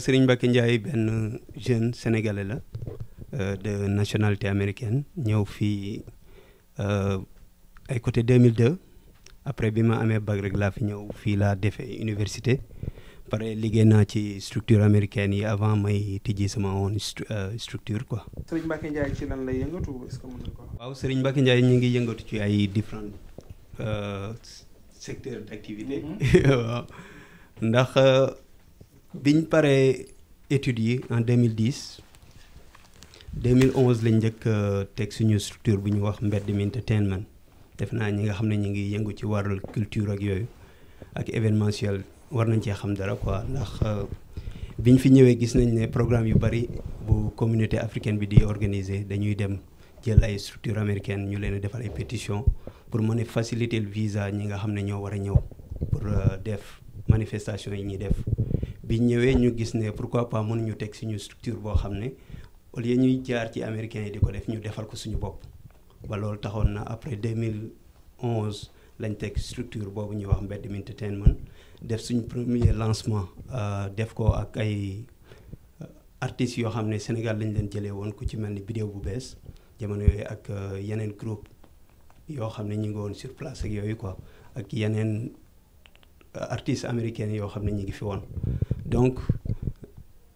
Serigne Mbacké Ndiaye benn jeune sénégalais la euh, de nationalité américaine ñëw fii euh, ay côté 2002 après bi ma amee bac rek laa fi ñëw fii laa defee université pare liggéey naa ci structure américaine yi avant may tijji sama woon euh, structure ko Serigne Mbacké Ndiaye ci lan lay yëngatu ko. waaw Serigne Mbacké Ndiaye ñu ngi yëngatu ci ay différents secteurs d'activité. Mm-hmm. ndax. biñ paree études yi en deux deux mille 2010 2011 lañ njëkk euh, teg suñu structure bu ñu wax mbedd mi entertainment def naa ñi nga xam ne ñu ngi yëngu ci wàllu culture ak yooyu ak événementiel war nañ cee xam dara quoi ndax euh, biñ fi ñëwee gis nañ ne programme yu bari bu communauté africain bi di organiser dañuy dem jël ay structure américaine ñu leen defal ay pétition pour mën a faciliter le visa ñi nga xam ne ñoo war a ñëw pour euh, def manifestation yi ñuy def bi ñëwee ñu gis ne pourquoi pas mënuñu teg suñu structure boo xam ne au lieu ñuy jaar ci américain yi di ko def ñu defal ko suñu bopp ba loolu taxoon na après 2011 lañ teg structure boobu ñuy wax Mbedd mi Entertainment def suñu premier lancement euh, def ko ak ay euh, artistes yoo xam ne Sénégal lañ leen jëlee woon ku ci mel ni Bidéo bu bees jamono yooyu ak euh, yeneen groupe yoo xam ne ñu ngi woon sur place ak yooyu quoi ak yeneen artistes américains yoo xam ne ñu ngi fi woon donc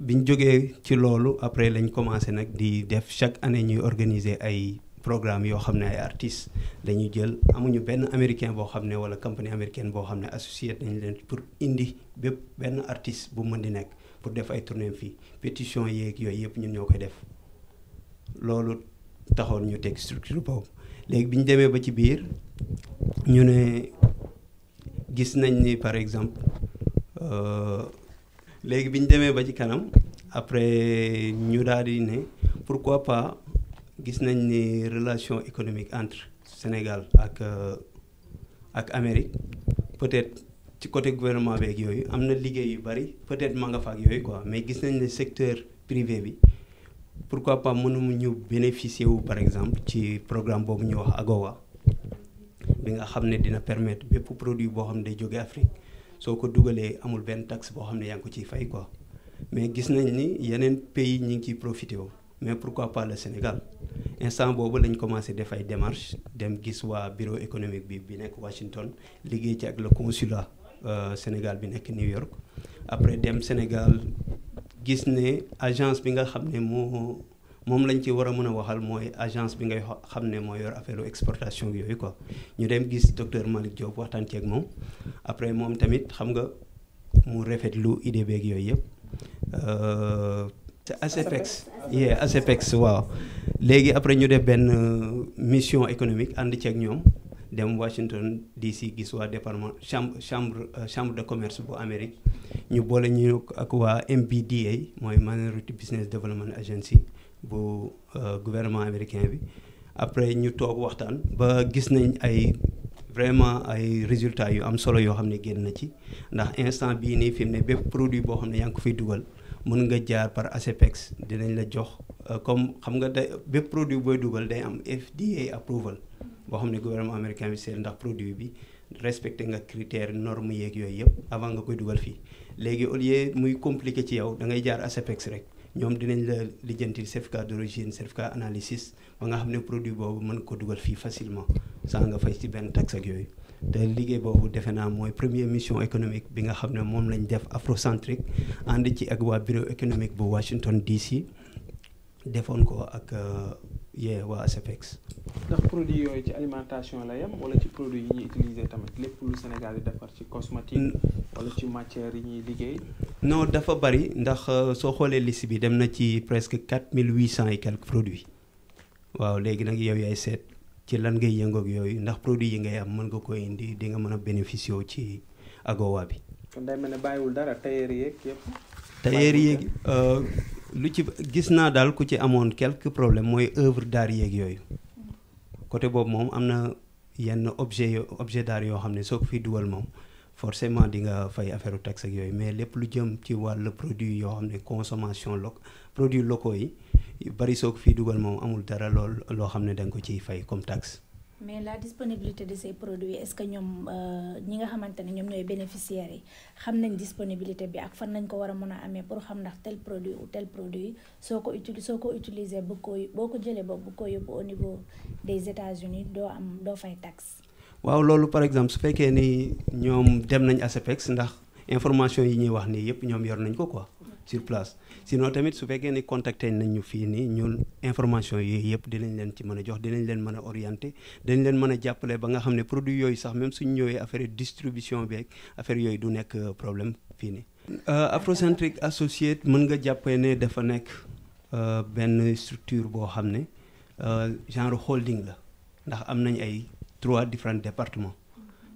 bi ñu jógee ci loolu après lañ commencé nag di def chaque année ñuy organiser ay programme yoo xam ne ay artistes lañuy jël amuñu benn américain boo xam ne wala compagnie américaine boo xam ne associé nañ leen pour indi bépp benn artiste bu mën di nekk pour def ay tournée fii pétition yeeg yooyu yëpp ñun ñoo koy def loolu taxoon ñu teg structure boobu léegi bi ñu demee ba ci biir ñu ne gis nañ ni par exemple euh, léegi bi ñu demee ba ci kanam après ñu daal di ne pourquoi pas gis nañ ni relation économique entre Sénégal ak euh, ak Amérique peut-être ci côté gouvernement beeg yooyu am na liggéey yu bari peut-être ma nga fa ak yooyu quoi mais gis nañ ne secteur privé bi pour pourquoi pas mënuñu bénéficier wu par exemple ci programme boobu ñu wax AGOA bi nga xam ne dina permettre bépp produit boo xam ne day jóge Afrique soo ko dugalee amul benn taxe boo xam ne yaa ngi ko ciy fay ko mais gis nañ ni yeneen pays ñu ngi ciy profité wu mais pourquoi pas le Sénégal instant boobu lañ commencé def ay démarches dem gis waa bureau économique bi bi nekk Washington liggéey ci ak le consulat euh, Sénégal bi nekk New York après dem Sénégal gis ne agence bi nga xam ne moo moom lañ ci war a mën a waxal mooy agence bi ngay xam ne mooy yor affaire exportation yooyu ko ñu dem gis docteur Malick Diop waxtaan ceeg moom après moom tamit xam nga mu rafetlu idée beeg yooyu yëpp euh, c'est ACPEX yeah waaw léegi après ñu def benn euh, mission économique ànd ceeg ñoom dem Washington DC gis waa département chambre chambre euh, chambre de commerce bu amerique ñu boole ñu ak waa MBDA mooy Minority Business Development Agency bu euh, gouvernement américain bi après ñu toog waxtaan ba gis nañ ay vraiment ay résultat yu am solo yoo xam ne génn na ci ndax instant bii nii fi ne bépp produit boo xam ne yaa ngi ko fiy dugal mën nga jaar par ACPEX dinañ la jox euh, comme xam nga day bépp produit booy dugal day am FDA approval boo xam ne gouvernement américain bi seet ndax produit bi respecté nga critères normes yeeg yooyu yëpp avant nga koy dugal fii léegi au muy compliqué ci yow da ngay jaar ACPEX rek ñoom dinañ la lijjantil certificat d'origine certificat analysis ba nga xam ne produit boobu mën ko dugal fii facilement saa nga fay ci benn taxe ak yooyu te liggéey boobu defe naa mooy première mission économique bi nga xam ne moom lañ def afrocentrique ànd ci ak waa bureau économique bu Washington DC defoon ko ak euh, yee waa SFX. ndax produit yooyu ci alimentation la yem wala ci produit yi ñuy utiliser tamit lépp lu Sénégal di defar ci cosmétique. Mm. wala ci matière yi ñuy liggéey. non dafa bari ndax euh, soo xoolee liste bi dem na ci presque quatre mille huit cent yi quelque produits waaw léegi nag yow yaay seet ci lan ngay yëngook yooyu ndax produit yi ngay am mën nga ko indi di nga mën a bénéficier ci agowa bi. kon day mel ne bàyyiwul dara tailleur yeeg yëpp. tailleur yeeg. Euh, lu ci gis naa daal ku ci amoon quelques problème mooy œuvre d'art yeeg yooyu côté boobu moom am na yenn objet yo objet d'art yoo xam ne soo ko fi duwal moom forcément di nga fay affaire taxe ak yooyu mais lépp lu jëm ci wàll produit yoo xam ne consommation lo produit locaux yi bari soo ko fi dugal moom amul dara lool loo xam ne da nga ko ciy fay comme taxe mais la disponibilité de ces produits est-ce que ñoom euh, ñi nga xamante ne ñoom ñooy bénéficiaires yi xam nañ disponibilité bi ak fan nañ ko war a mën a amee pour xam ndax tel produit ou tel produit soo ko utili soo ko utiliser bu ko boo ko jëlee ba bu ko yóbbu au niveau des États-Unis doo am doo fay tax waaw loolu par exemple su fekkee ni ñoom dem nañ ASEPEX ndax information yi ñuy wax nii yépp ñoom yor nañ ko quoi. sur place si sinon tamit su fekkee ni contacté nañu fii nii ñun information yooyu yëpp dinañ leen ci mën a jox dinañ leen mën a orienté dañ leen mën a jàppale ba nga xam ne produit yooyu sax même suñ ñëwee affaire distribution bi affaire yooyu du nekk euh, problème fii nii. Euh, Afrocentric Associates mën nga jàppee ne dafa nekk euh, benn structure boo xam ne genre holding la ndax am nañ ay trois différents départements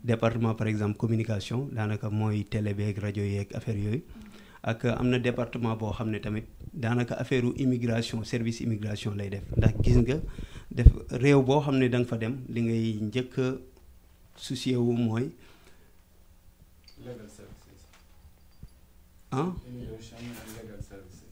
departement par exemple communication daanaka mooy télé beeg rajo yeeg affaire yooyu. ak am na département boo xam ne tamit daanaka affaire immigration service immigration lay def ndax gis nga def réew boo xam ne da nga fa dem li ngay njëkk a soucié wu mooy. ah.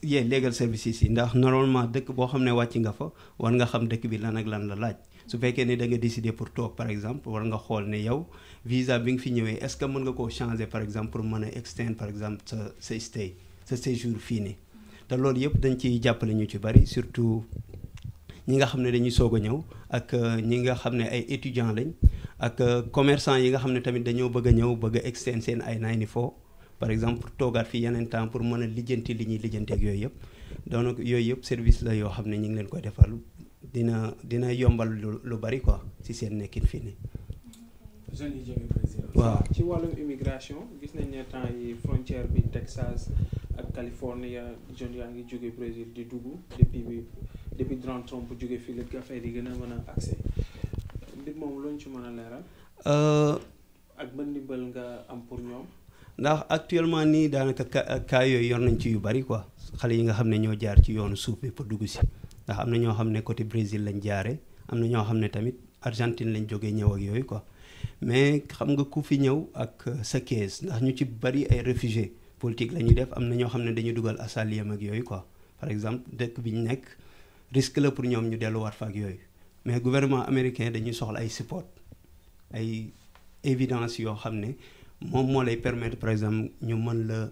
yee légal services yi ndax normalement dëkk boo xam ne wàcc nga fa war nga xam dëkk bi lan ak lan la laaj. su fekkee ne da nga décider pour toog par exemple war nga xool ne yow visa bi nga fi ñëwee est-ce que mën nga koo changer par exemple pour mën a extend par exemple sa sa sa séjour fii nii te loolu yëpp dañ ciy jàppale ñu ci bari surtout ñi nga xam ne dañuy soog a ñëw ak euh, ñi nga xam ne ay étudiants lañ ak euh, commerçant yi nga xam ne tamit dañoo bëgg ñëw bëgg a extend seen ay 94 par exemple toogaat fi yeneen temps pour mën a lijjanti li ñuy lijjanti ak yooyu yëpp donc yooyu yëpp service la yoo xam ne ñu ngi leen koy defal dina dina yombal lu lu bari quoi ci seen nekkin fii nii. jeunes yi waaw ci wàllum immigration gis nañ ne temps yi frontière bi Texas ak Californie jeunes yaa ngi jógee Brésil di dugg depuis bi depuis Donald Trump jógee fii la affaire yi gën a mën a accès mbir moom loo ci mën a leeral. Euh, ak ban ndimbal nga am pour ñoom. ndax actuellement nii daanaka cas yooyu yor nañ ci yu bari quoi xale yi nga xam ne ñoo jaar ci yoonu suuf bi pour dugg si. ndax am na ñoo xam ne côté Brésil lañu jaare am na ñoo xam ne tamit Argentine lañ jógee ñëw ak yooyu ko mais xam nga ku fi ñëw ak sa kees ndax ñu ci bari ay réfugiés politique lañuy def am na ñoo xam ne dañu dugal asaliyam ak yooyu ko par exemple dëkk bi ñu nekk risque la pour ñoom ñu dellu delluwaat fa ak yooyu mais gouvernement américain dañuy soxla ay support ay évidence yoo xam ne moom moo lay permettre par exemple ñu mën la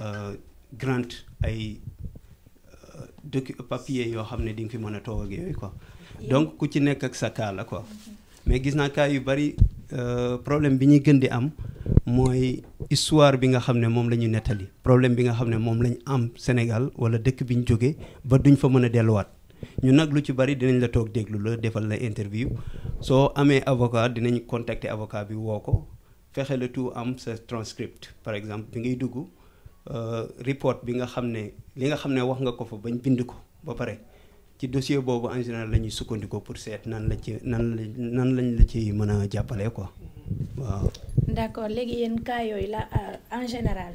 euh, grant ay docu papier yoo xam ne di nga fi mën a toog ak yooyu quoi donc ku ci nekk ak sa cas la mais gis naa cas yu bari euh, problème bi ñuy gën di am mooy histoire bi nga xam ne moom la ñu nettali problème bi nga xam ne moom la ñu am Sénégal wala dëkk bi ñu jógee ba duñ fa mën a delluwaat ñu nag lu ci bari dinañ la toog déglu la defal la interview soo amee avocat dinañ contacter avocat bi woo ko fexe le tout am sa transcript par exemple bi ngay dugg Euh, report bi nga xam ne li nga xam ne wax nga ko fa bañ bind ko ba pare ci dossier boobu en général la ñuy sukkandikoo pour seet nan la ci nan la nan lañ la ci mën a jàppale quoi waaw. d'accord léegi yéen cas yooyu la euh, en général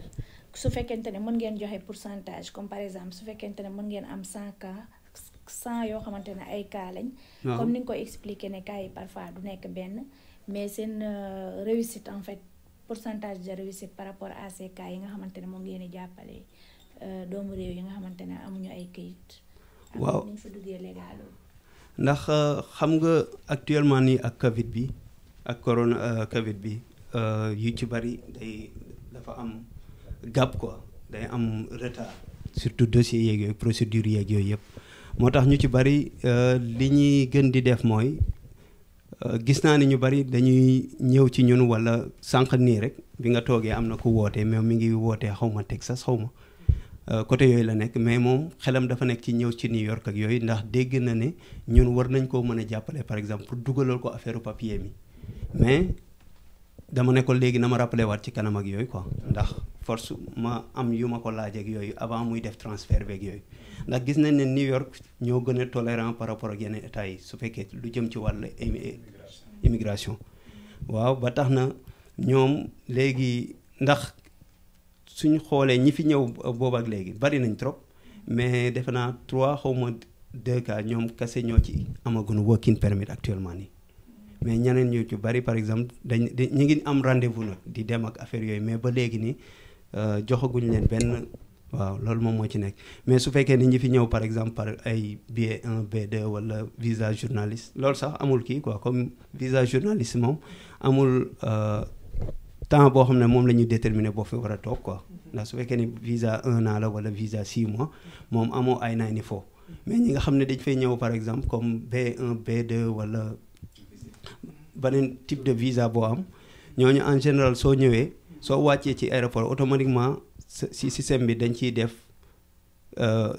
su fekkente ne mën ngeen joxe pour centage comme par exemple su fekkente ne mën ngeen am 100 cas. sans yoo xamante ne ay cas lañ. comme ni nga ko expliquer ne cas yi parfois du nekk benn mais seen euh, réussite en fait pourcentage de réussite par rapport à ces cas yi nga xamante ne moom ngeen di jàppale euh, doomu réew yi nga xamante ne amuñu ay këyit. waaw ndax euh, xam nga actuellement nii ak Covid bi ak corona euh, Covid bi yu ci bari day dafa am gàpp quoi day am retard surtout dossiers yeeg yooyu procédures yeeg yooyu yëpp moo tax ñu ci bari li ñuy gën di def mooy. Euh, gis naa ni ñu bari dañuy ñëw ci ñun wala sànq nii rek bi nga toogee am na ku wootee mais mi ngi wootee xaw ma Texas xaw ma euh, côté yooyu la nekk mais moom xelam dafa nekk ci ñëw ci New York ak yooyu ndax dégg na ne ñun war nañ koo mën a jàppale par exemple pour dugalal ko affaire papier mi mais dama ne ko léegi na ma rappelé waat ci kanam ak yooyu ko ndax force ma am yu ma ko laaj ak yooyu avant muy def transfert beeg yooyu ndax gis nañ ne New York ñoo gën a tolerant par rapport ak yeneen état yi su fekkee lu jëm ci wàll immigration waaw ba tax na ñoom léegi ndax suñu xoolee ñi fi ñëw boobaak léegi bari nañ trop mais defe naa trois xawma de cas ñoom kase ñoo ci amaguñu working permit actuellement nii mais ñeneen ñu ci bari par exemple dañ ñu ngi am rendez-vous nag di dem ak affaire yooyu mais ba léegi nii euh, joxaguñ leen benn waaw loolu moom moo ci nekk mais su fekkee ni ñi fi ñëw par exemple par ay billet 1 B2 wala visa journaliste lool sax amul kii quoi comme visa journaliste moom amul euh, temps boo xam ne moom la ñuy déterminer boo fi war a toog quoi ndax su fekkee ni visa un an la wala visa six mois moom amoo ay naa ni foofu mais ñi nga xam ne dañ fay ñëw par exemple comme b un b de wala beneen type de visa boo am ñooñu en général soo ñëwee soo wàccee ci aéroport automatiquement si système bi dañ ciy def euh,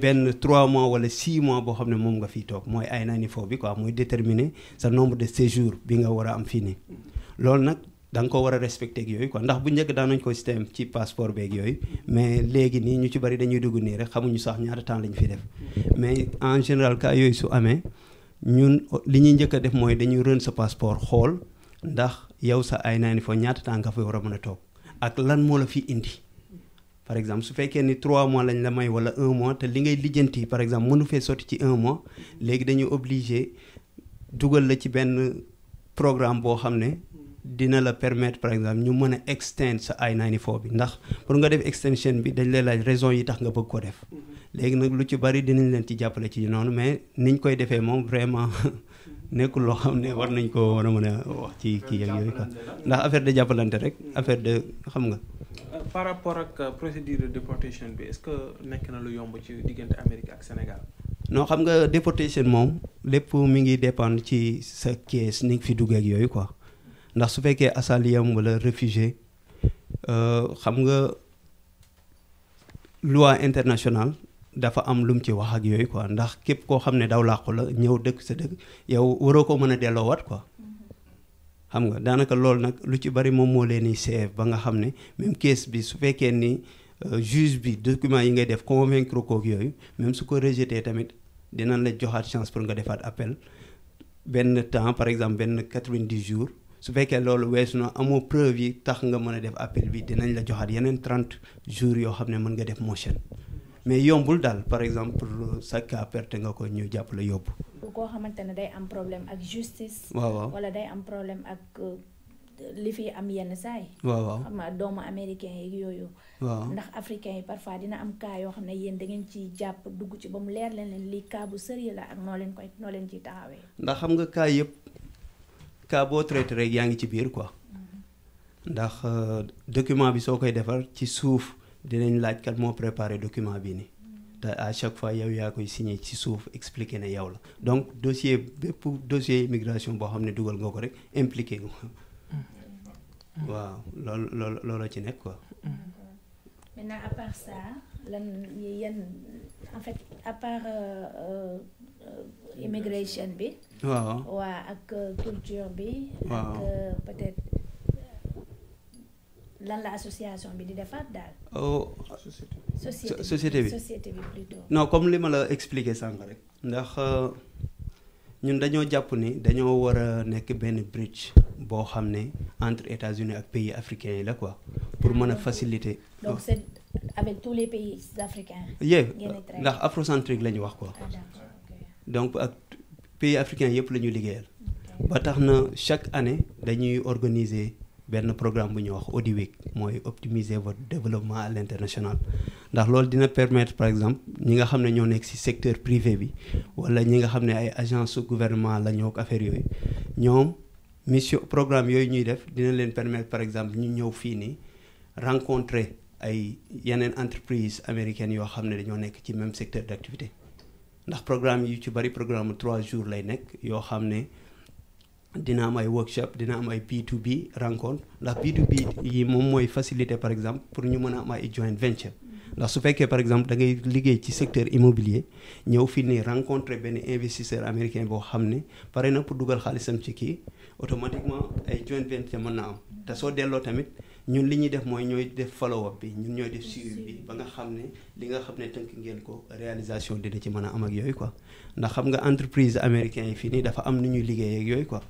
benn trois mois wala six mois boo xam ne moom nga fiy toog mooy ay naani foofu bi quoi mooy déterminer sa nombre de séjour bi nga war a am fii nii loolu nag da ko war a respecté yooyu quoi ndax bu njëkk daan nañ ko système ci passeport beeg yooyu mais léegi nii ñu ci bari dañuy dugg nii rek xamuñu sax ñaata temps lañu fi def mais en général cas yooyu su amee ñun li ñuy njëkk def mooy dañuy rën sa passeport xool ndax yow sa ay naani foofu ñaata temps nga fa war a mën a toog ak lan moo la fi indi par exemple su fekkee ni trois mois lañ la may wala un mois te li ngay lijjanti par exemple mënu fee sotti ci un mois léegi dañuy obligé dugal la ci benn programme boo xam ne dina la permettre par exemple ñu mën a extend sa ay I-94 bi ndax pour nga def extension bi dañ lay laaj raison yi tax nga bëgg ko def mm-hmm. léegi nag lu ci bari dinañ leen ci jàppale ci noonu mais niñ koy defee moom vraiment nekkul loo xam ne war nañ ko war a mën a wax ci kii ak yooyu quoi ndax affaire de jàppalante rek mm. affaire de xam nga. Euh, par rapport ak euh, procédure de déportation bi est-ce que nekk na lu yomb ci diggante Amérique ak Sénégal. non xam nga déportation moom lépp mi ngi dépendre ci sa kees ni fi duggeek yooyu quoi ndax su fekkee asaliyam wala réfugié euh, xam nga loi international dafa am lu mu ci wax ak yooyu quoi ndax képp koo xam ne daw làqu la ñëw dëkk sa dëkk yow waroo ko mën a delloowaat ko xam nga daanaka loolu nag lu ci bari moom moo leen di seef ba nga xam ne même case bi su fekkee ni euh, juge bi document yi ngay def convaincre ko ak yooyu même su ko rejeté tamit dinañ la joxaat chance pour nga defaat appel benn temps par exemple benn 90 jours su fekkee loolu weesu na amoo preuve yi tax nga mën a def appel bi dinañ la joxaat yeneen 30 jours yoo xam ne mën nga def motion mais yombul daal par exemple sa cas perte nga ko ñu jàppale yóbbu. koo xamante ne day am problème ak justice. waaw waaw wala day am problème ak. Euh, li fi am yenn saay waaw waaw xam nga doomu américain yi yooyu. waaw ndax africain yi parfois dina am cas yoo xam ne yéen da ngeen ciy jàpp dugg ci ba mu leer leen leen lii cas bu sérieux la ak noo leen koy noo leen ciy taxawee. ndax xam nga cas yëpp cas boo traité yaa ngi ci biir quoi. Mm-hmm. ndax euh, document bi soo koy defar ci suuf dinañ laaj kat moo préparé document bi ni te à chaque fois yow yaa koy signé ci suuf expliqué na yow la donc dossier bépp dossier immigration boo xam ne dugal nga ko rek impliqué nga mm-hmm. waaw loolu loolu loolu ci nekk quoi. Mm-hmm. maintenant à part ça lan yan en fait à euh, euh, immigration bi. waaw waaw ak euh, culture bi. waaw lan la association bi oh. bi société bi comme li ma la expliqué sànq rek. ndax euh, ñun dañoo jàpp ni dañoo war a nekk benn bridge boo xam ne entre États-Unis ak pays africains yi la quoi pour mën a faciliter. donc c'est avec tous ndax afrocentrique la ñu wax quoi. Ah, donc ak pays africains yëpp la ñu liggéeyal. ba tax na chaque année dañuy organiser. benn programme bu ñuy wax Audi Week mooy optimiser votre développement à l'international ndax loolu dina permettre par exemple ñi nga xam ne ñoo nekk ci secteur privé bi wala ñi nga xam ne ay agence su gouvernement la ñoo affaire yooyu ñoom mission programme yooyu ñuy def dina leen permettre par exemple ñu ñëw fii nii rencontrer ay yeneen entreprise américaines yoo xam ne dañoo nekk ci même secteur d'activité ndax programme yu ci bari programme trois jours lay nekk yoo xam ne dina am ay workshop dina am ay P2B rencontre ndax P2B yi moom mooy facilité par exemple pour ñu mën a am ay joint venture ndax su fekkee par exemple da ngay liggéey ci secteur immobilier ñëw fii nii rencontré benn investisseur américain boo xam ne pare na pour dugal xaalisam ci kii automatiquement ay joint venture mën na am te soo delloo tamit ñun li ñuy def mooy ñooy def follow up bi ñun ñooy def suivi bi ba nga xam ne li nga xam ne tënk ngeen ko réalisation dina ci mën a am ak yooyu quoi ndax xam nga entreprise américain yi fii nii dafa am nu ñuy liggéey yooyu quoi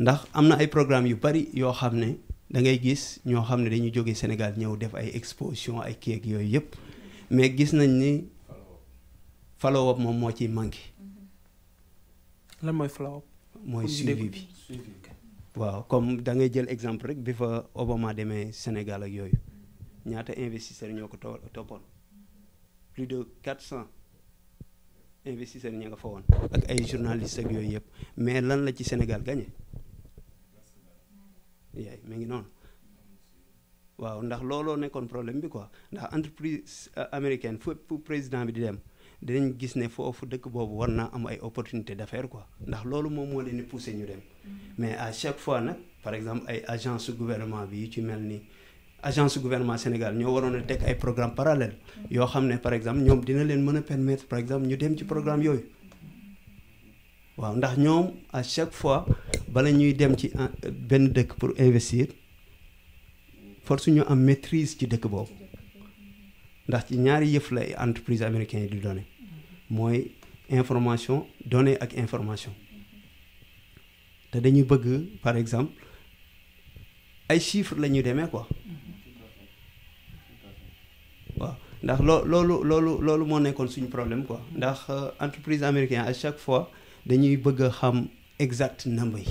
ndax am na ay programme yu bari yoo xam ne da ngay gis ñoo xam ne dañuy jóge Sénégal ñëw def ay exposition ay keeg yooyu yëpp mais gis nañ ni follow up moom moo ciy manqué. Mm-hmm. lan mooy follow up mooy suivi bi waaw comme da ngay jël exemple rek bi fa Obama demee Sénégal ak yooyu ñaata investisseurs ñoo ko toppoon plus de quatre cent investisseurs ña nga fa woon ak ay journalistes ak yooyu yëpp mais lan la ci Sénégal gagné. yaay mi ngi noonu waaw ndax looloo nekkoon problème bi quoi ndax entreprise euh, américaine fu président bi di dem dinañ gis ne foofu dëkk boobu war naa am ay opportunité d'affaires quoi ndax loolu moom moo leen di poussé ñu dem mais à chaque fois nag par exemple ay agence gouvernement bi yu ci mel ni agence gouvernement Sénégal ñoo waroon a teg ay programme parallèle yoo xam ne par exemple ñoom dina leen mën a permettre par exemple ñu dem ci programme yooyu waaw fois bala dem ci euh, benn dëkk pour investir force suñu am maîtrise ci dëkk boobu ndax ci ñaari yëf la entreprise américaine yi du donné mooy information données ak information te dañuy bëgg par exemple ay chiffres la ñuy demee quoi waaw ndax loo loolu loolu loolu moo nekkoon suñu problème ko ndax euh, entreprise américaine à chaque fois dañuy bëgg xam exact number yi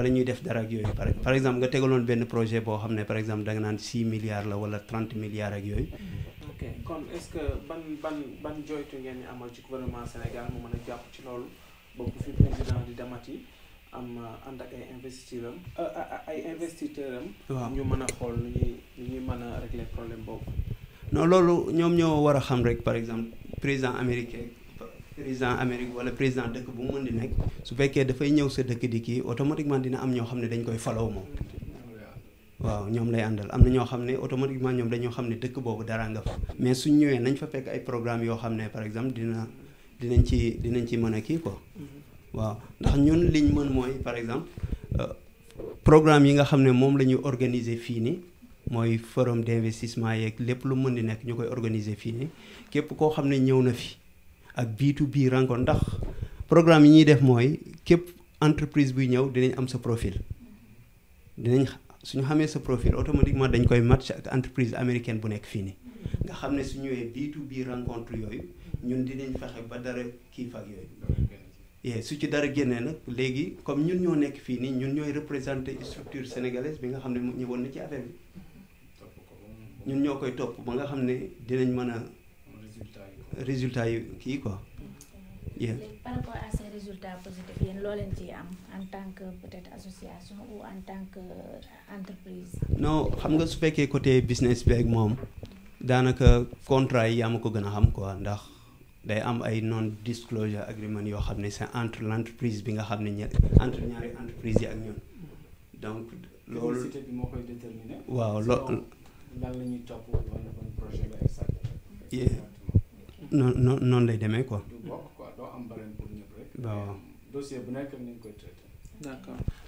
bala ñuy def dara ak yooyu par exemple nga tegaloon benn projet boo xam ne par exemple da nga naan 6 milliards la wala 30 milliards ak yooyu. ok kon est ban ban joytu ngeen amal ci gouvernement Sénégal mu mën a jàpp ci loolu ba fi président di demati am uh, ànd ak ay uh, am waaw ñu mën a xool nu ñuy nu ñuy mën a régler problème boobu. non loolu ñoom ñoo war a xam rek par exemple président américain. président Amérique wala président dëkk bu mu mën di nekk su fekkee dafay ñëw sa dëkk di kii automatiquement dina am ñoo xam ne dañ koy follow moom waaw ñoom lay àndal am na ñoo xam ne automatiquement ñoom dañoo xam ne dëkk boobu dara nga fa mais suñ ñëwee nañ fa fekk ay programme yoo xam ne par exemple dina dinañ ci dinañ ci mën a kii quoi waaw ndax ñun liñ mën mooy par exemple euh, programme yi nga xam ne moom la ñuy organiser fii nii mooy forum d'investissement yeeg lépp lu mën di nekk ñu koy organiser fii nii képp koo xam ne ñëw na fi ak B2B rencontre ndax programme yi ñuy def mooy képp entreprise buy ñëw dinañ am sa profil dinañ suñu xamee sa profil automatiquement dañ koy match ak entreprise américaine bu nekk fii nii nga xam ne suñu ñëwee B2B rencontre yooyu ñun dinañ fexe ba dara kii fag yooyu su ci dara génnee nag léegi comme ñun ñoo nekk fii nii ñun ñooy représenté structure sénégalaise bi nga xam ne ñëwoon na ci affaire bi ñun ñoo koy topp ba nga xam ne dinañ mën a résultat yi kii quoi. par rapport à ces résultats positifs yéen loo leen am en tant que peut association ou en tant que euh, entreprise. non xam nga su fekkee côté business bi moom daanaka contrat yi yaa ma ko gën a xam ko ndax day am ay non disclosure agreement yoo xam ne c'est entre l'entreprise bi nga xam ne ñaari entre entreprise yi ak ñun donc. loolu waaw loolu. lan non non noonu lay demee quoi. du bokk quoi am barème pour rek. waaw dossier bu nekk ni nga koy traité. d'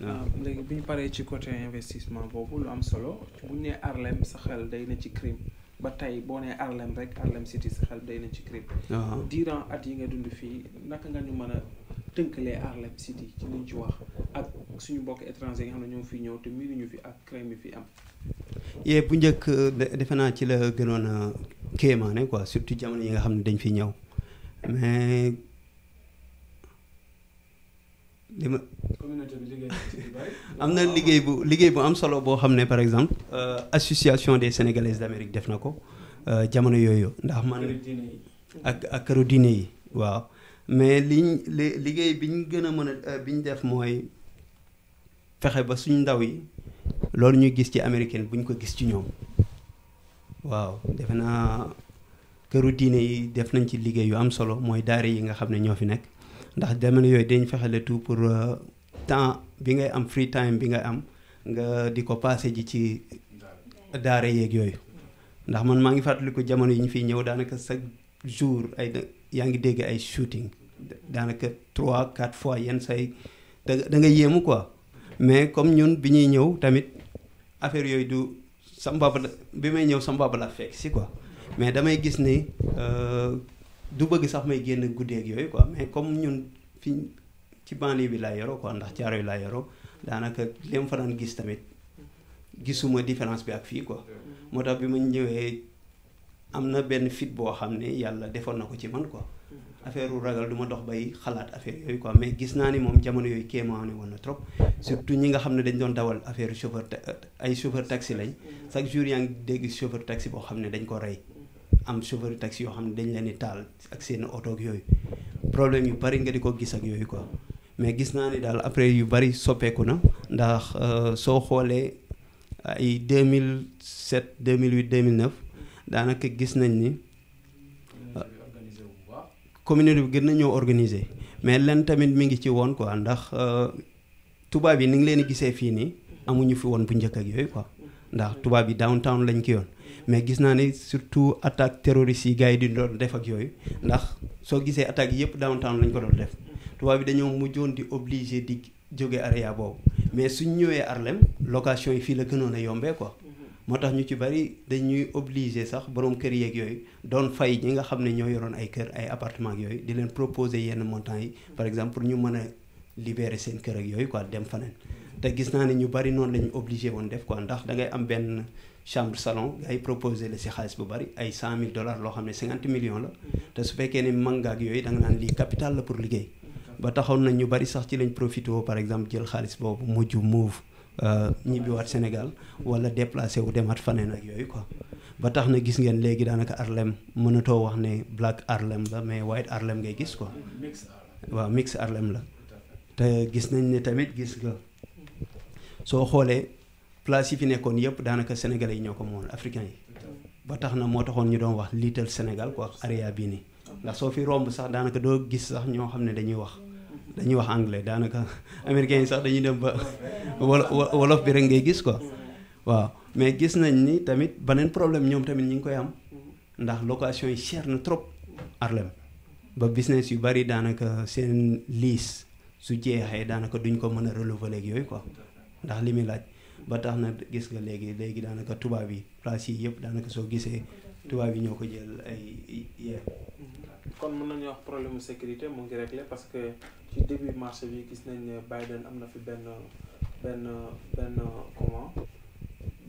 ah. ah, léegi bu ñu paree ci côté investissement boobu lu am solo bu ñu nee Harlem sa xel day na ci crime ba tey boo nee Harlem rek Harlem City sa xel day na ci crime. Ah. durant at yi nga dund fii naka nga ñu mën a tënkalee Harlem City ci liñ ci wax ak suñu mbokk étranger yi nga xam ne ñoom fii ñëw te miinuñu fi ak crime yi fi am. yee bu njëkk euh, defe naa ci la gënoon a kéemaane quoi surtout jamono yi nga xam ne dañ fi ñëw mais li am na liggéey bu liggéey bu am solo boo xam ne par exemple euh, association de sénégalaises d'Amérique def na ko euh, jamono yooyu ndax man ak ak këru diine yi waaw mais liñ li liggéey bi ñu gën a mën a euh, biñ def mooy fexe ba suñ ndaw yi loolu ñu gis ci américaine buñ ko gis ci ñoom waaw defe naa këru diine yi def nañ ci liggéey yu am solo mooy daare yi nga xam ne ñoo fi nekk ndax demal yooyu dañ fexe la tout pour euh, temps bi ngay am free time bi nga am nga di ko passé ji ci daara yeeg yooyu ndax man maa ngi fàttaliku jamono yi ñu fiy ñëw daanaka chaque jour ay yaa ngi dégg ay shooting daanaka trois quatre fois yenn say da da nga yéemu quoi mais comme ñun bi ñuy ñëw tamit affaire yooyu du. sama papa bi may ñëw sa papa la fekk si ko mais damay gis ni euh, du bëgg sax may génn guddeeg yooyu quoi mais comme ñun fi ci banlieue bi laa yoroo ko ndax caaro yu laa yoroo daanaka li ma fa daan gis tamit gisuma différence bi ak fii ko moo tax bi ma ñëwee am na benn fit boo xam ne yàlla defoon na ko ci man quoi affaire ragal du ma dox bay xalaat affaire yooyu quoi mais gis naa ni moom jamono yooyu kéemaane woon na trop surtout ñi nga xam ne dañ doon dawal affaire chauffeur euh, ay chauffeur taxi lañ chaque jour yaa ngi dégg chauffeur taxi boo xam ne dañ ko rey am chauffeur taxi yoo xam ne dañ leen di taal ak seen oto yooyu problème yu bari nga di ko gis ak yooyu quoi mais gis naa ni daal après yu bari soppeeku na ndax euh, soo xoolee ay deux mille mille 2007 2008 2009 daanaka gis nañ ni. communauté bi gën nañoo organiser mais len tamit mu ngi ci woon quoi ndax euh, tubaab yi ni ngi leen di gisee fii nii amuñu fi woon bu njëkk ak yooyu quoi ndax tubaab yi downtown lañ ko yoon mais gis naa ni surtout attaque terroriste yi gars yi di doon def ak yooyu ndax soo gisee attaques yëpp downtown lañ ko doon def tubaab yi dañoo mujjoon di obligé di jóge area boobu mais suñ ñëwee Harlem location yi fii la gënoon a yombee ko moo tax ñu ci bari dañuy obligé sax borom kër yeeg yooyu doon fay ñi nga xam ne ñoo yoroon ay kër ay appartement yooyu di leen proposer yenn montant yi par exemple pour ñu mën a libérer seen kër ak yooyu quoi dem faneen te gis naa ne ñu bari noonu la ñu obligé woon def quoi ndax da am benn chambre salon ngay proposer la si xaalis bu bari ay cent mille dollars loo xam ne cinquante million la te su fekkee ne mangaak yooyu danga nga naan lii capital la pour liggéey ba taxoon na ñu bari sax ci lañ profité par exemple jël boobu mujj move Euh, ñibbiwaat Sénégal wala déplacé wu demaat fane ak yooyu quoi ba tax na gis ngeen léegi daanaka arlem mënatoo wax ne black Harlem la mais white Harlem ngay gis ko waaw mix Harlem la te gis nañ ne tamit gis nga soo xoolee place yi fi nekkoon yëpp daanaka sénégal yi ñoo ko moom africain yi ba tax na moo taxoon ñu doon wax little Sénégal quoi area bii nii ndax soo fi romb sax daanaka doo gis sax ñoo xam ne dañuy wax dañuy wax anglais daanaka américains yi sax dañuy dem ba wolof bi rek ngay gis ko waaw mais gis nañ ni tamit beneen problème ñoom tamit ñu ngi koy am ndax location yi cher na trop Harlem ba business yu bari daanaka seen liis su jeexee daanaka duñ ko mën a renouveler léegi yooyu ko ndax li muy laaj ba tax na gis nga léegi léegi daanaka tubaab yi place yi yëpp daanaka soo gisee tubaab yi ñoo ko jël ay yee kon mën nañu wax problème sécurité moom ngi réglé parce que ci début marché bi gis nañ ne Biden am na fi benn benn benn comment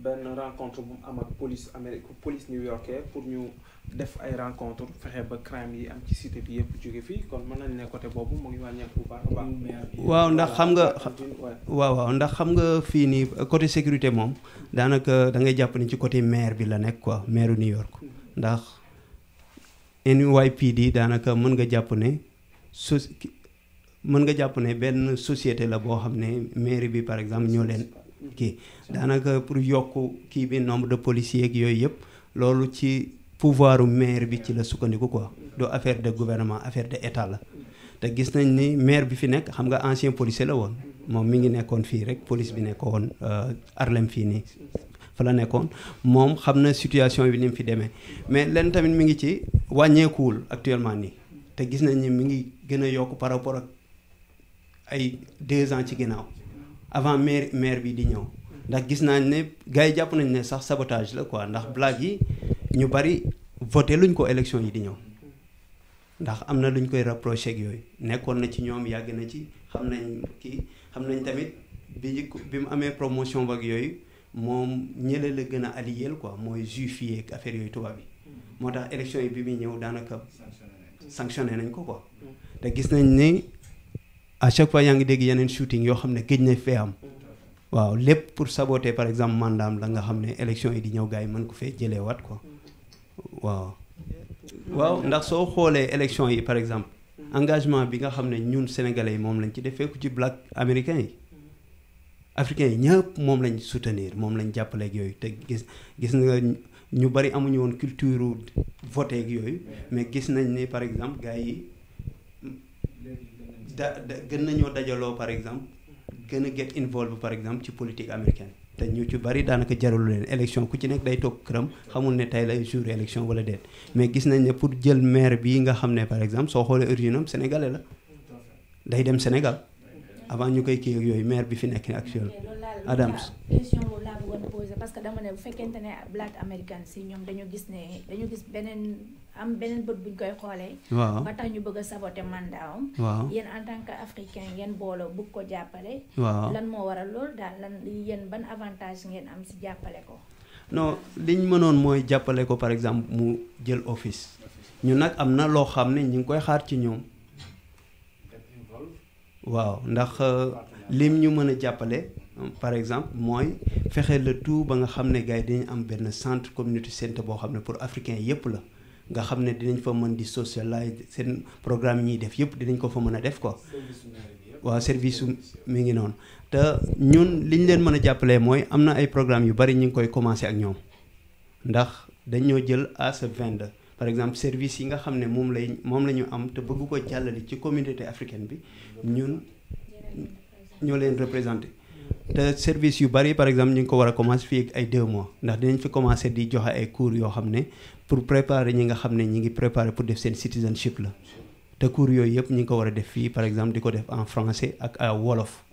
benn rencontre bu mu am ak police Amérique police New Yorkais pour ñu def ay rencontre fexe ba crime yi am ci cité bi yëpp jóge fii kon mën nañ ne côté boobu mu ngi wàññeeku bu baax a ndax xam nga waaw ndax xam nga fii ni côté sécurité moom daanaka da ngay jàpp ni ci côté maire bi la nekk quoi maire New York mm-hmm. ndax. NYPD daanaka mën nga jàpp ne so mën nga jàpp ne benn société la boo xam ne maire bi par exemple ñoo leen kii daanaka pour yokk kii bi nombre de policiers yooyu yëpp loolu ci pouvoiru maire bi ci la sukkandiku ko do affaire de gouvernement affaire de état la te gis nañ ni maire bi fi nekk xam nga ancien policier la woon moom mi ngi nekkoon fii rek police bi nekkoon euh, Harlem fii nii fa la nekkoon moom xam na situation bi ni mu fi demee mais lenn tamit mu ngi ci wàññeekuwul actuellement nii te gis nañ ni mi ngi gën a yokk par rapport ak ay deux ans ci ginnaaw avant maire maire bi di ñëw ndax gis naa ne gars yi jàpp nañ ne sax sabotage la quoi ndax blague yi ñu bari voté luñ ko élection yi di ñëw ndax am na luñ koy rapproché ak yooyu nekkoon na ci ñoom yàgg na ci xam nañ kii xam nañ tamit bi bi mu amee promotion bak yooyu moom ñële la gën a aliyeel ko mooy juif yi ak affaire yooyu tubaab yi moo tax élection yi bi muy ñëw daanaka sanctionné nañ ko ko te gis nañ ni à chaque fois yaa ngi dégg yeneen shooting yoo xam ne gëj na fee am waaw lépp pour saboter par exemple mandaam la nga xam ne élection yi di ñëw gars yi mën ko fee jëlee waat ko waaw waaw ndax soo xoolee élection yi par exemple engagement bi nga xam ne ñun sénégalais yi moom lañ ci defee ku ci black américain yi africains yi ñëpp moom lañ soutenir moom lañ jàppale yooyu te gis gis nga ñu bari amuñu woon culture voté ak yooyu mais gis nañ ni par exemple gars yi da gën nañoo dajaloo par exemple gën a get involved par exemple ci politique américaine te ñu ci bari daanaka jaralu leen élection ku ci nekk day toog këram xamul ne tey la jour élection wala déet mais gis nañ ne pour jël maire bii nga xam ne par exemple soo xoolee origine am sénégalais la day dem Sénégal avant ñu koy kii yooyu maire bi fi nekk ne actuel Adams parce que dama ne bu fekkente ne black américaine si ñoom dañoo gis ne dañoo gis beneen am beneen bët ñu koy xoolee waaw ba tax ñu bëgg a saboté mandaawam waaw yéen en tant que africain ngeen booloo bëgg ko jàppale waaw lan moo waral loolu daal lan yéen ban avantage ngeen am si jàppale ko non liñ mënoon mooy jàppale ko par exemple mu jël office ñu nag am na loo xam ne ñu ngi koy xaar ci ñoom waaw ndax euh, lim ñu mën a jàppale par exemple mooy fexe la tout ba nga xam ne gars yi dañu am benn centre communauté centre boo xam ne pour africain yëpp la nga xam ne dinañ fa mën di socialiser seen programme yi ñuy def yëpp dinañ ko fa mën a def ko waaw service su mi ngi noonu te ñun li leen mën a jàppale mooy am na ay programme yu bari ñu ngi koy commencé ak ñoom ndax dañoo jël à ce vingt par exemple service yi nga xam ne moom lay moom la ñu am te bëgg ko jàllale ci communauté africain bi ñun ñoo leen représenté te service yu bari par exemple ñu ngi ko war a commencer fii ay deux mois ndax dinañ fi commencer di joxe ay cours yoo xam ne pour préparer ñi nga xam ne ñi ngi préparer pour def seen citizenship la te cours yooyu yëpp ñu ngi ko war a def fii par exemple di ko def en français ak wolof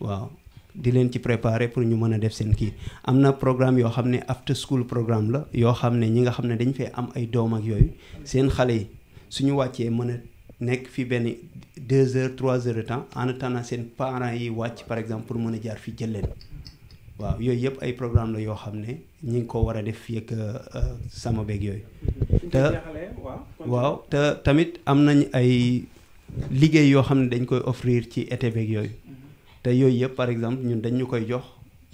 waaw di leen ci préparer pour ñu mën a def seen kii am na programme yoo xam ne after school programme la yoo xam ne ñi nga xam ne dañ fee am ay doom ak yooyu seen xale yi suñu wàccee mën a nekk fi benn deux heures trois heures de temps en attendant seen parents yi wàcc par exemple pour mën a jaar fi jël leen waaw yooyu yëpp ay programme la yoo xam ne ñi ngi ko war a def fii euh, euh, sama beeg yooyu te waaw te tamit am nañ ay liggéey yoo xam ne dañ koy offrir ci été yooyu te yooyu yëpp par exemple ñun dañ ñu koy jox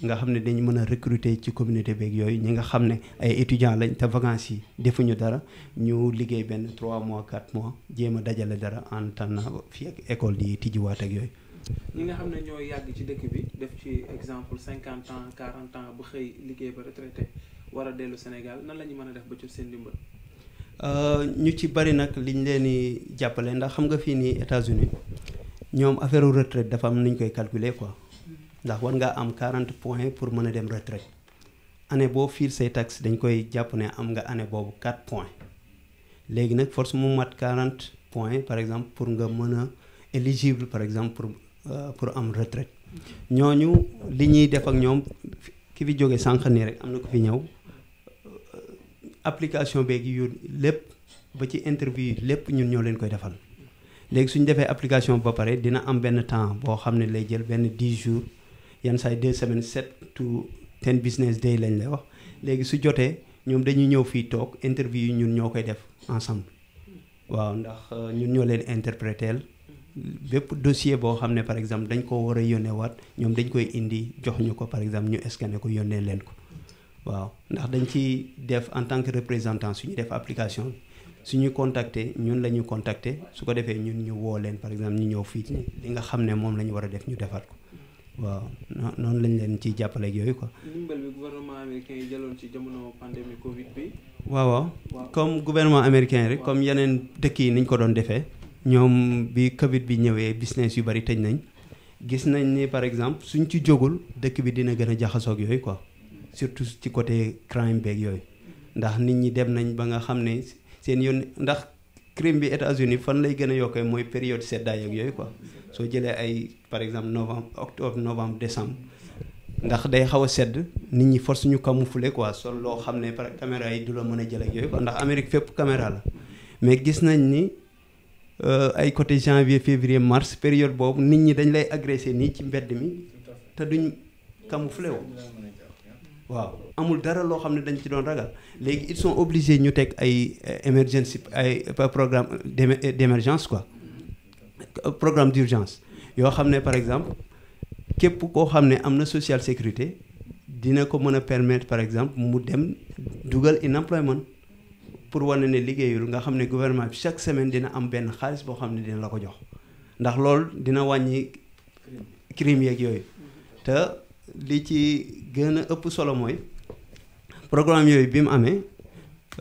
nga xam ne dañ mën a recruter ci communauté beeg yooyu ñi nga xam ne ay étudiants lañ te vacances yi defuñu dara ñu liggéey benn trois mois 4 mois jéem a dajale dara en attendant fii ak école di tijjiwaat ak yooyu. ñi nga xam ne ñoo yàgg ci dëkk bi def ci exemple 50 ans 40 ans bu xëy liggéey ba retraité war a dellu Sénégal nan la ñu mën a def ba ci seen ndimbal. Euh, ñu ci bari nag liñ leen di jàppale ndax xam nga fii nii États-Unis ñoom affaire retraite dafa am nañ koy calculer quoi ndax war ngaa am 40 points pour mën a dem retraite année boo fiir say taxe dañ koy jàpp ne am nga année boobu 4 points léegi nag force mu mat quarante points par exemple pour nga mën a éligible par exemple pour euh, pour am retraite ñooñu li ñuy def ak ñoom ki fi jóge sànq nii rek am na ko fi ñëw euh, application beeg yu lépp ba ci interview yi lépp ñun ñoo leen koy defal léegi suñu defee application ba pare dina am benn temps boo xam ne lay jël benn 10 jours yenn saa yi 2 semaines 7 to 10 business day lañ lay wax léegi su jotee ñoom dañuy ñëw fii toog interview yi ñun ñoo koy def ensemble waaw ndax euh, ñun ñoo leen interpréteel bépp dossier boo xam ne par exemple dañ ko war a yónnee waat ñoom dañ koy indi jox ñu ko par exemple ñu scanné ko yónnee leen ko waaw ndax dañ ci def en tant que représentant suñu def application suñu contacter ñun la ñu contacter su ko defee ñun ñu woo leen par exemple ñu ñëw fii li nga xam ne moom la ñu war a def ñu defar ko waaw noonu lañ leen ciy jàppale yooyu quoi. ndimbal bi gouvernement jëloon ci jamono pandémie Covid waaw waaw comme gouvernement américain rek comme yeneen dëkk yi niñ ko doon defee. ñoom bi Covid bi ñëwee business yu bari tëj nañ. gis nañ ni par exemple suñ ci jógul dëkk bi dina gën a jaxasoog yooyu quoi surtout ci côté crime beeg yooyu ndax nit ñi dem nañ ba nga xam ne seen yoon ndax crime bi États-Unis fan lay gën a yokkee mooy période seddaay ak yooyu quoi soo jëlee ay par exemple novembre octobre novembre décembre ndax day xaw a sedd nit ñi force ñu camoufler quoi sol loo xam ne par caméra yi du la mën a jël ak yooyu quoi ndax Amérique fépp caméra la mais gis nañ ni euh, ay côté janvier février mars période boobu nit ñi dañ lay agressé nii ci mbedd mi te duñ camoufler woo waaw amul dara loo xam ne dañ ci doon ragal léegi ils sont obligés ñu teg ay euh, émergence ay euh, programme d' euh, émergence quoi programme d' yoo xam ne par exemple képp koo xam ne am na social sécurité dina ko mën a permettre par exemple mu dem dugal in employment pour na ne liggéeyul nga xam ne gouvernement chaque semaine dina am benn xaalis boo xam ne dina la ko jox ndax loolu dina wàññi crime yeeg yooyu te li ci gën a ëpp solo mooy programme yooyu bi mu amee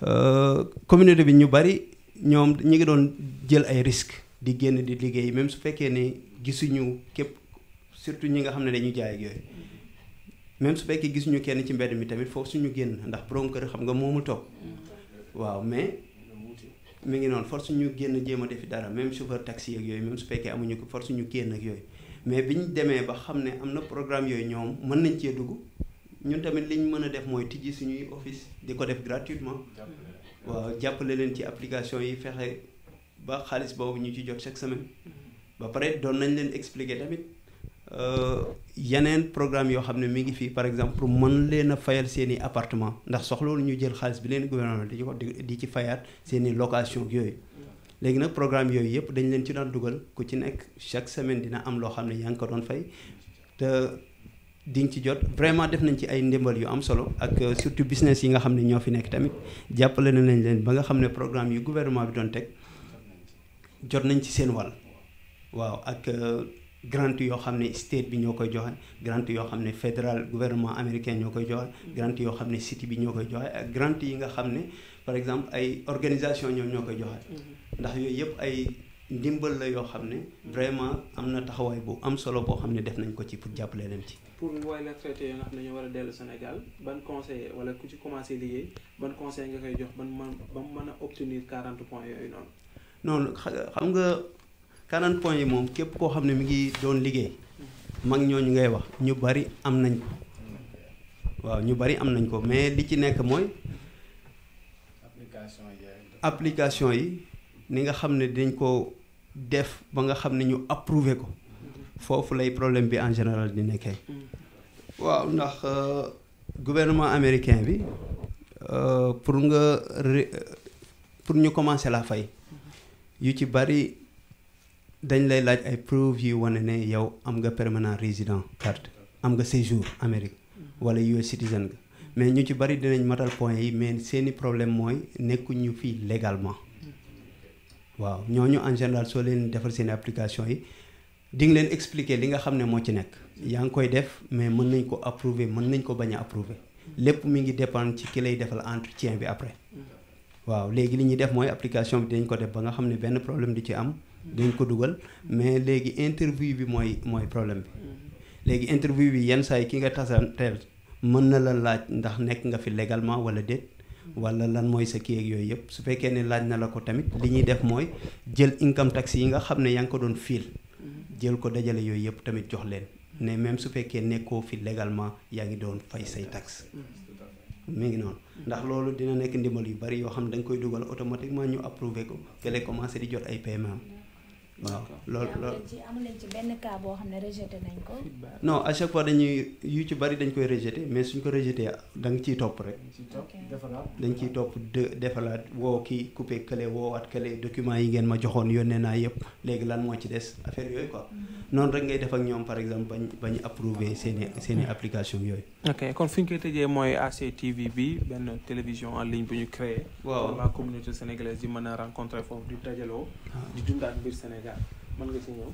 euh, communauté bi ñu bari ñoom ñu ngi doon jël ay risques di génn di liggéey même su fekkee ni gisuñu képp surtout ñi nga xam ne dañuy jaay ak yooyu même su fekkee gisuñu kenn ci mbedd mi tamit foofu suñu génn ndax borom kër xam nga moomul toog waaw mais mi ngi noonu force ñu génn jéem a defi dara même chauffeur taxi ak yooyu même su fekkee amuñu ko force ñu génn ak yooyu. mais bi ñu demee ba xam ne am na programme yooyu ñoom mën nañ cee dugg ñun tamit li ñu mën a def mooy tijji suñuy office di ko def gratuitement waaw jàppale leen ci application yi fexe ba xaalis boobu ñu ci jot chaque semaine mm-hmm. ba pare doon nañ leen expliquer tamit euh, yeneen programme yoo xam ne mi ngi fii par exemple pour mën leen a fayal seen i appartement ndax soxloolu ñu jël xaalis bi leen gouvernement di ko di ci fayaat seeni i location yooyu léegi nag programme yooyu yëpp dañ leen ci daan dugal ku ci nekk chaque semaine dina am loo xam ne yaa ngi ko doon fay te diñ ci jot vraiment def nañ ci ay ndimbal yu am solo ak euh, surtout business yi nga xam ne ñoo fi nekk tamit jàppale nañ leen ba nga xam ne programme yu gouvernement bi doon teg jot nañ ci seen wal waaw ak euh, grant yoo xam ne state bi ñoo koy joxe grant yoo xam ne fédéral gouvernement américain ñoo koy joxe grant yoo xam ne city bi ñoo koy joxe ak yi nga xam ne par exemple ay organisation ñoo ñoo koy joxaat mhm. ndax yooyu yëpp ay ndimbal la yoo xam ne mhm. vraiment am na taxawaay bu am solo boo xam ne def nañ ko ci pour jàppale leen ci. pour woy la traité yi nga xam ne ñoo war a dellu Sénégal ban conseil wala ku ci commencé liggéey ban conseil nga koy jox ban man ba mu mën a obtenir 40 points yooyu noonu. xam nga 40 points yi moom képp koo xam ne mu ngi doon liggéey. Mhm. mag ñooñu ngay wax ñu bari am nañ ko. waaw ñu bari am nañ ko mais li ci nekk mooy. application yi ni nga xam ne dañ ko def ba nga xam ne ñu approuvé ko foofu lay problème bi en général di nekkee waaw ndax euh, gouvernement américain bi euh, pour nga pour ñu commencer la fay yu ci bari dañ lay laaj ay preuve yu wane ne yow am nga permanent résident carte am nga séjour Amérique wala US citizen nga mais ñu ci bari dinañ matal point yi mais seeni problème mooy nekku ñu fii légalement waaw ñooñu en général soo leen defal seen application yi di leen expliquer li nga xam ne moo ci nekk yaa ngi koy def mais mën nañ ko approuver mën nañ ko bañ a approuver lépp mi ngi dépendre ci ki lay defal entretien bi après waaw léegi li ñuy def mooy application bi dañ ko def ba nga xam ne benn problème du ci am dañ ko dugal mais léegi interview bi mooy mooy problème bi léegi interview bi yenn saa yi ki nga tasanteel mën na la laaj ndax nekk nga fi légalement wala déet wala lan mooy sa kii ak yooyu yëpp su fekkee ne laaj na la ko tamit li ñuy def mooy jël income tax yi nga xam ne yaa ngi ko doon fiil jël ko dajale yooyu yëpp tamit jox leen ne même su fekkee nekkoo fi légalement yaa ngi doon fay say tax mi ngi noonu ndax loolu dina nekk ndimal yu bari yoo xam ne da koy dugal automatiquement ñu approuvé ko kële commencé di jot ay paiement waaw loolu loolu ci amu leen ci benn cas boo xam ne rejeté nañ ko. non à chaque fois dañuy yu ci bari dañ koy rejeté mais suñ ko rejeté da nga ciy topp rek. dañ ci topp de defalaat woo kii coupe kële woowaat kële documents yi ngeen ma joxoon yónnee naa yëpp léegi lan moo ci des affaire yooyu quoi. Mhm. noonu rek ngay def ak ñoom par exemple bañ bañ approuvé seen seen i mhm. application yooyu. ok kon fi ñu koy tëjee mooy ACTV bi benn télévision en ligne bu ñu créé. waaw communauté sénégalaise di mën a rencontrer foofu di dajaloo. Ah. di mën nga si ñëw.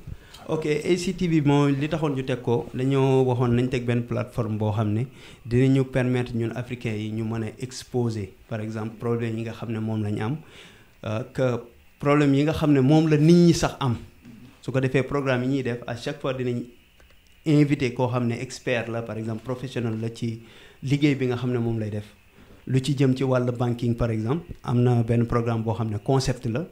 ok ACTV moom li taxoon ñu teg ko lañoo waxoon nañ teg benn plateforme boo xam ne dina ñu permettre ñun africains yi ñu mën a exposer par exemple problème yi nga xam ne moom la am euh, que problème yi nga xam ne moom la nit ñi sax am su ko defee programme yi ñuy def à chaque fois dinañ invité koo xam ne expert la par exemple professionnel la ci liggéey bi nga xam ne moom lay def lu ci jëm ci wàllu banking par exemple am na benn programme boo xam ne concept la.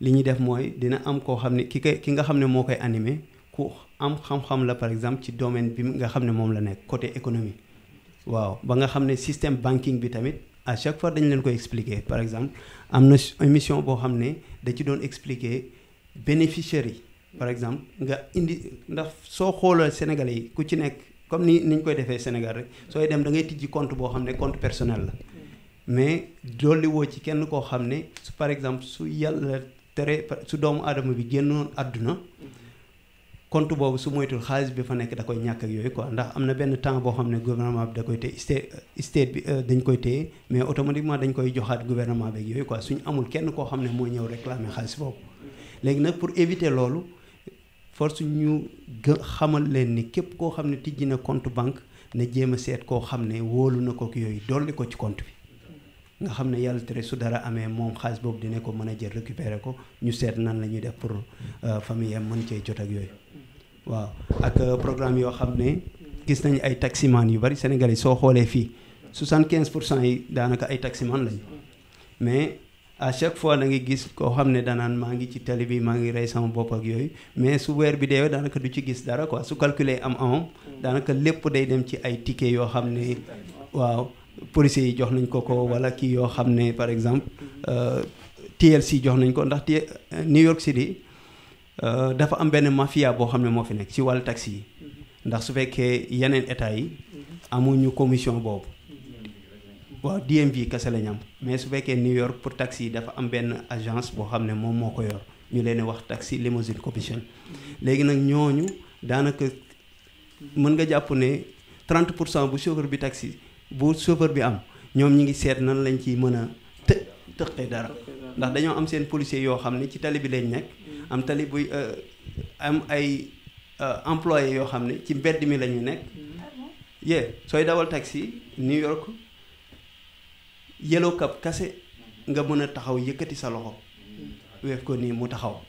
li ñuy def mooy dina am koo xam ne ki koy ki nga xam ne moo koy animé ku am xam-xam la par exemple ci domaine bi nga xam ne moom la nekk côté économie waaw ba nga xam ne système banking bi tamit à chaque fois dañu leen koy expliquer par exemple am na émission boo xam ne da ci doon expliquer bénéficiaires yi par exemple nga indi ndax soo xoolal sénégal yi ku ci nekk comme ni ni ñu koy defee Sénégal rek sooy dem da ngay tijji compte boo xam ne compte personnel la mais dolli woo ci kenn koo xam ne par exemple su yàlla tere su doomu aadama bi génnoon àdduna compte boobu su moytul xaalis bi fa nekk da koy ñàkk ak yooyu ko ndax am na benn temps boo xam ne gouvernement bi da koy téye state state bi euh, dañ koy téye mais automatiquement dañ koy joxaat gouvernement beeg yooyu quoi suñu amul kenn koo xam ne moo ñëw réclamer xaalis boobu léegi nag pour éviter loolu force ñu gë xamal leen ni képp koo xam ne tijji na compte banque ne jéema seet koo xam ne wóolu na ko yooyu dolli ko ci compte bi nga xam ne yàlla tere su dara amee moom xaalis boobu dina ko mën a jël récupérer ko ñu seet nan la ñuy def pour euh, famille am mën cee jot ak yooyu waaw ak euh, programme yoo xam ne gis nañ ay taximan yu bari Sénégalais soo xoolee fii 75 pour cent yi daanaka ay taximan lañu mais à chaque fois da ngay gis koo xam ne danaan maa ngi ci tali bi maa ngi rey sama bopp ak yooyu mais su weer bi deewee daanaka du ci gis dara ko su calculer am am daanaka lépp day dem ci ay ticket yoo xam ne waaw policiers yi jox nañ ko ko wala kii yoo xam ne par exemple euh, TLC jox nañ ko ndax euh, New York City euh, dafa am benn mafia boo xam ne moo fi nekk ci wàllu taxi yi ndax su fekkee yeneen état yi amuñu commission boobu waaw DMV kese lañ am mais su fekkee New York pour taxi yi dafa am benn agence boo xam ne moom moo ko yor ñu leen wax taxi limousine commission léegi nag ñooñu daanaka mën nga jàpp ne 30 pour cent bu chauffeur bi taxi. bu chauffeur bi am ñoom ñi ngi seet nan lañ ci mën a të tëqee dara ndax dañoo am seen policier yoo xam ne ci tali bi lañ nekk am tali buy euh, am ay euh, employé yoo xam ne ci mbedd mi lañu ñu nekk yee sooy dawal taxi New York yellow kase nga mën a taxaw yëkkati sa loxo weef ko nii mu taxaw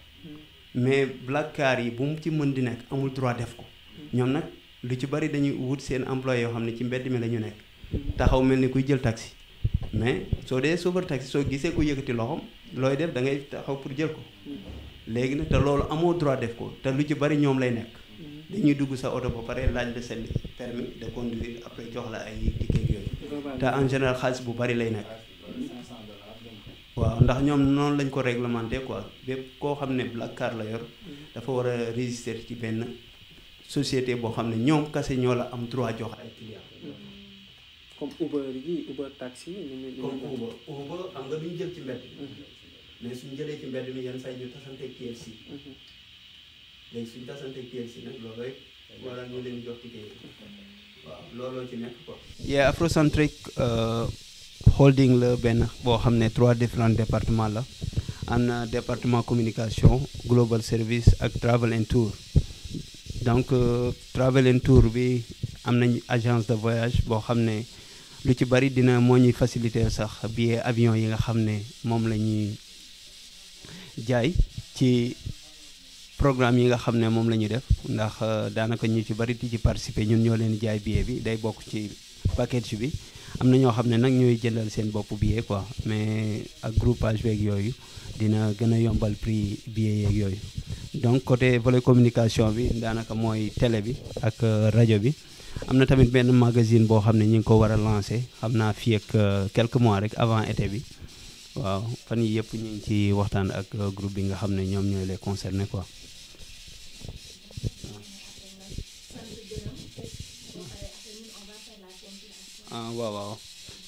mais black car yi bu mu ci mën di nekk amul droit def ko ñoom nag lu ci bari dañuy wut seen employé yoo xam ne ci mbedd mi la ñu nekk taxaw mel ni kuy jël taxi mais soo dee chauffeur taxi soo gisee ko yëkkati loxoom looy def dangay ngay taxaw pour jël ko léegi nag te loolu amoo droit def ko te lu ci bari ñoom lay nekk dañuy dugg sa oto ba pare laaj la seen permis de conduire après jox la ay ticket yooyu te en général xaalis bu bari lay nekk waaw ndax ñoom noonu lañ ko réglementé quoi bépp koo xam ne black card la yor dafa war a résister ci benn société boo xam ne ñoom kase ñoo la am droit jox comme Uber yi Uber taxi yi. ni ñu comme holding la benn boo xam ne trois différents département la am na département communication global service ak travel and tour donc euh, travel and tour bi am nañ agence de voyage boo xam ne. lu ci bari dina moo ñuy faciliter sax bie avion yi nga xam ne moom la ñuy jaay ci programme yi nga xam ne moom la ñuy def ndax euh, daanaka ñu ci bari di ci participer ñun ñoo leen jaay billet bi day bokk ci package bi am na ñoo xam ne nag ñooy jëndal seen bopp bie quoi mais ak groupage beeg yooyu dina gën a yombal prix bie yeeg yooyu donc côté volet communication bi daanaka mooy télé bi ak euh, rajo bi am na tamit benn magasin boo xam ne ñu ngi ko war a lancé xam naa fii ak euh, quelques mois rek avant été bi waaw fan yi yëpp ñu ngi ci waxtaan ak euh, groupe bi nga xam ne ñoom ñooy les concernés quoi. ah waaw waaw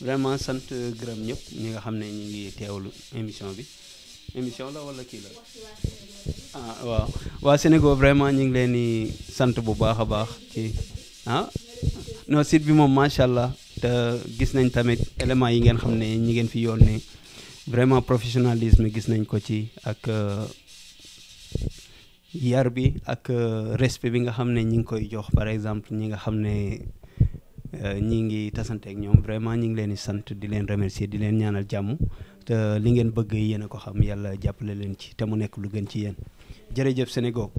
vraiment sant euh, gërëm ñëpp ñi nga xam ne ñu ngi teewlu émission bi émission la wala kii la ah waaw waa Sénégal ñu ngi leen di sant bu baax a baax ci. ah non bi moom macha allah te gis nañ tamit éléments yi ngeen xam ne ñi ngeen fi yoon ne vraiment professionnalisme gis nañ ko ci ak euh, yar bi ak euh, respect bi nga xam ne ñi ngi koy jox par exemple ñi nga xam ne euh, ñi ngi tasanteeg ñoom vraiment ñi ngi leen di sant di leen remercier di leen ñaanal jàmm te li ngeen bëgg yéen a ko xam yàlla jàppale leen ci te mu nekk lu gën ci yéen jërëjëf Sénégal